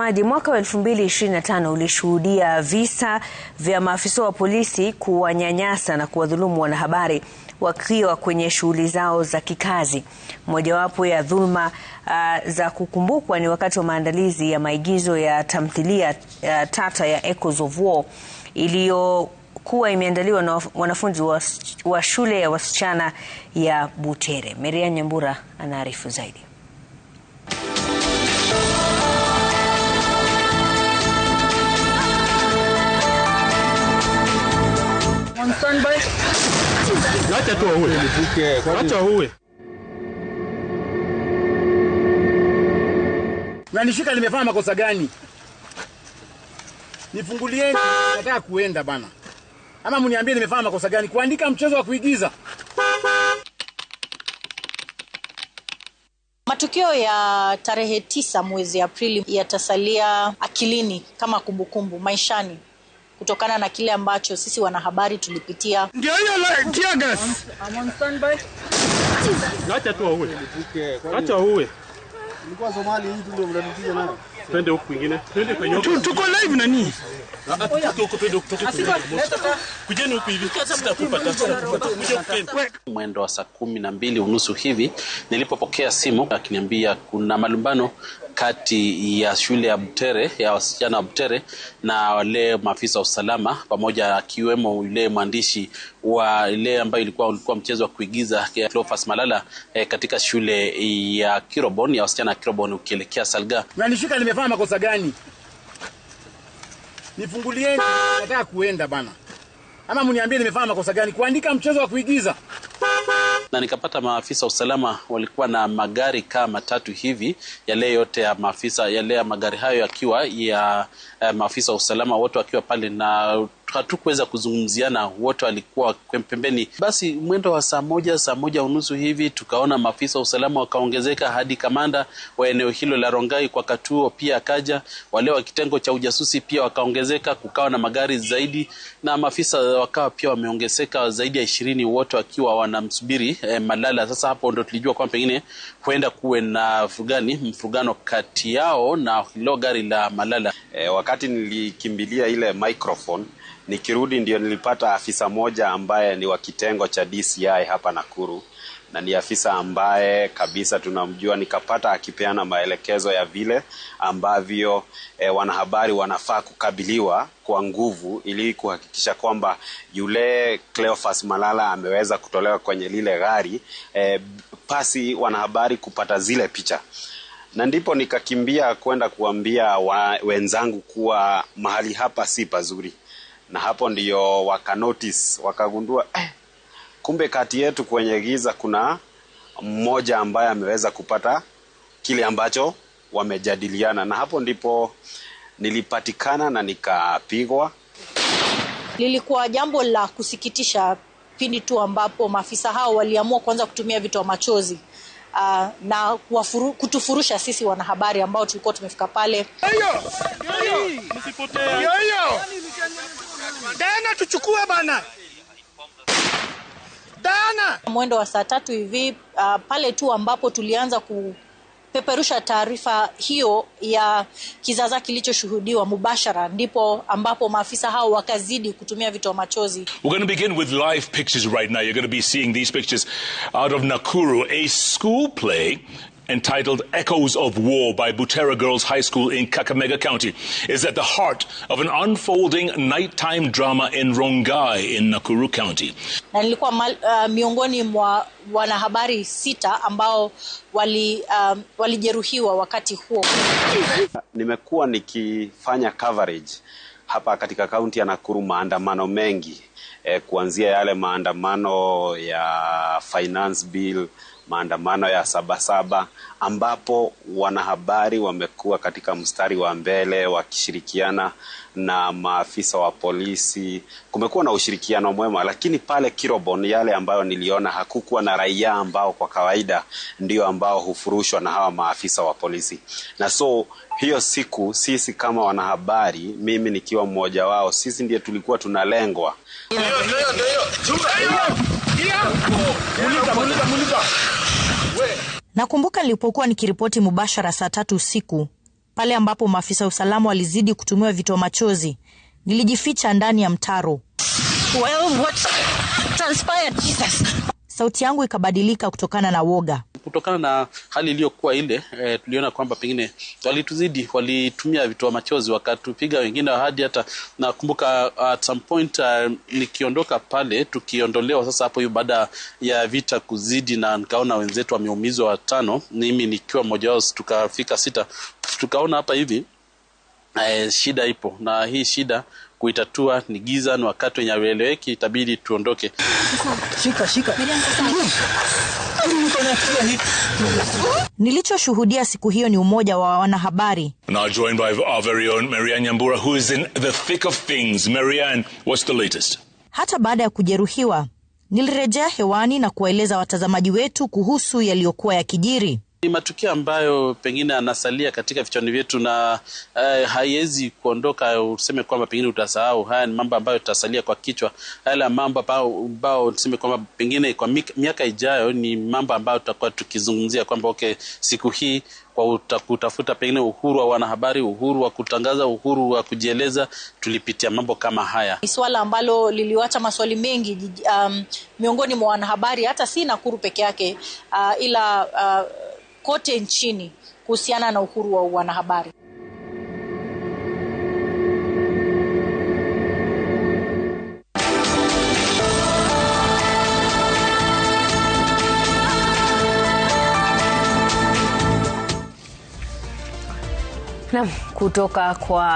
Maji mwaka wa 2025 ulishuhudia visa vya maafisa wa polisi kuwanyanyasa na kuwadhulumu wanahabari wakiwa kwenye shughuli zao za kikazi. Mojawapo ya dhuluma uh, za kukumbukwa ni wakati wa maandalizi ya maigizo ya tamthilia uh, tata ya Echoes of War iliyokuwa imeandaliwa na wanafunzi wa, wa shule ya wasichana ya Butere. Maria Nyambura anaarifu zaidi. Nanishika nimefanya makosa gani? Nifungulieni, nataka kuenda bana. Ama mniambie nimefanya makosa gani? Kuandika mchezo wa kuigiza. Matukio ya tarehe tisa mwezi Aprili yatasalia akilini kama kumbukumbu kumbu, maishani kutokana na kile ambacho sisi wanahabari tulipitia. Ndio hiyo tear gas. I'm on standby. Acha tu waue, acha waue. Nilikuwa Somali, hii ndio mnatupiga nayo. Twende huko kwingine, twende kwenye huku. Tuko live nani? Ah, ah, mwendo wa saa kumi na mbili unusu hivi nilipopokea simu akiniambia kuna malumbano kati ya shule ya Butere ya wasichana wa Butere na wale maafisa wa usalama, pamoja akiwemo yule mwandishi wa ile ambayo ilikuwa ulikuwa mchezo wa kuigiza Cleophas Malala e, katika shule ya Kirobon ya wasichana ya Kirobon ukielekea Salga. Mnanishika, nimefanya makosa gani? Nifungulieni, nataka kuenda bana, ama mniambie nimefanya makosa gani kuandika mchezo wa kuigiza na nikapata maafisa usalama walikuwa na magari kaa matatu hivi, yale yote ya maafisa yale ya magari hayo yakiwa ya, ya eh, maafisa wa usalama wote wakiwa pale na hatukuweza kuzungumziana, wote walikuwa pembeni. Basi mwendo wa saa moja saa moja unusu hivi tukaona maafisa wa usalama wakaongezeka hadi kamanda wa eneo hilo la Rongai kwa katuo pia akaja, wale wa kitengo cha ujasusi pia wakaongezeka, kukawa na magari zaidi na maafisa wakawa pia wameongezeka zaidi ya ishirini, wote wakiwa wanamsubiri eh, Malala. Sasa hapo ndo tulijua kwamba pengine huenda kuwe na furugani, mfurugano kati yao na hilo gari la Malala. Eh, wakati nilikimbilia ile microphone Nikirudi ndio nilipata afisa moja ambaye ni wa kitengo cha DCI hapa Nakuru, na ni afisa ambaye kabisa tunamjua. Nikapata akipeana maelekezo ya vile ambavyo e, wanahabari wanafaa kukabiliwa kwa nguvu ili kuhakikisha kwamba yule Cleophas Malala ameweza kutolewa kwenye lile gari e, pasi wanahabari kupata zile picha na ndipo nikakimbia kwenda kuambia wa, wenzangu kuwa mahali hapa si pazuri na hapo ndiyo wakanotice, wakagundua eh, kumbe kati yetu kwenye giza kuna mmoja ambaye ameweza kupata kile ambacho wamejadiliana, na hapo ndipo nilipatikana na nikapigwa. Lilikuwa jambo la kusikitisha pindi tu ambapo maafisa hao waliamua kuanza kutumia wa machozi uh, na kuwafuru, kutufurusha sisi wanahabari ambao tulikuwa tumefika pale. Ayo! Ayo! Ayo! Dana, tuchukue bana Dana. Mwendo wa saa tatu hivi uh, pale tu ambapo tulianza ku peperusha taarifa hiyo ya kizaza kilichoshuhudiwa mubashara, ndipo ambapo maafisa hao wakazidi kutumia vitoa wa machozi. We're going to begin with live pictures right now. You're going to be seeing these pictures out of Nakuru, a school play entitled Echoes of War by Butera Girls High School in Kakamega County is at the heart of an unfolding nighttime drama in Rongai in Nakuru County. Na nilikuwa uh, miongoni mwa wanahabari sita ambao wali, um, walijeruhiwa wakati huo. Nimekuwa nikifanya coverage hapa katika kaunti ya Nakuru, maandamano mengi eh, kuanzia yale maandamano ya finance bill maandamano ya Sabasaba ambapo wanahabari wamekuwa katika mstari wa mbele wakishirikiana na maafisa wa polisi. Kumekuwa na ushirikiano mwema, lakini pale Kirobon, yale ambayo niliona, hakukuwa na raia ambao kwa kawaida ndio ambao hufurushwa na hawa maafisa wa polisi, na so hiyo siku sisi kama wanahabari, mimi nikiwa mmoja wao, sisi ndiye tulikuwa tunalengwa. Nakumbuka nilipokuwa nikiripoti mubashara saa tatu usiku pale ambapo maafisa usalama walizidi kutumiwa vitoa machozi, nilijificha ndani ya mtaro. Well, sauti yangu ikabadilika kutokana na woga kutokana na hali iliyokuwa ile e, tuliona kwamba pengine walituzidi, walitumia vitoa machozi wakatupiga wengine hadi hata nakumbuka at some point uh, nikiondoka pale tukiondolewa sasa hapo hiyo baada ya vita kuzidi, na nikaona wenzetu wameumizwa watano, mimi nikiwa mmoja wao, tukafika sita, tukaona hapa hivi eh, shida ipo na hii shida kuitatua ni giza, ni wakati wenye aueleweki, itabidi tuondoke. Shika, shika. Nilichoshuhudia siku hiyo ni umoja wa wanahabari. Now joined by our very own Marianne Nyambura who is in the thick of things. Marianne, what's the latest? Hata baada ya kujeruhiwa, nilirejea hewani na kuwaeleza watazamaji wetu kuhusu yaliyokuwa yakijiri. Ni matukio ambayo pengine anasalia katika vichwani vyetu na eh, haiwezi kuondoka, useme kwamba pengine utasahau. Haya ni mambo ambayo tutasalia kwa kichwa, yale mambo ambao tuseme kwamba pengine kwa miaka ijayo ni mambo ambayo tutakuwa tukizungumzia kwamba okay, siku hii kwa kutafuta pengine uhuru wa wanahabari, uhuru wa kutangaza, uhuru wa kujieleza, tulipitia mambo kama haya. Ni swala ambalo liliwacha maswali mengi um, miongoni mwa wanahabari, hata si Nakuru peke yake uh, ila uh, kote nchini kuhusiana na uhuru wa wanahabari. Na kutoka kwa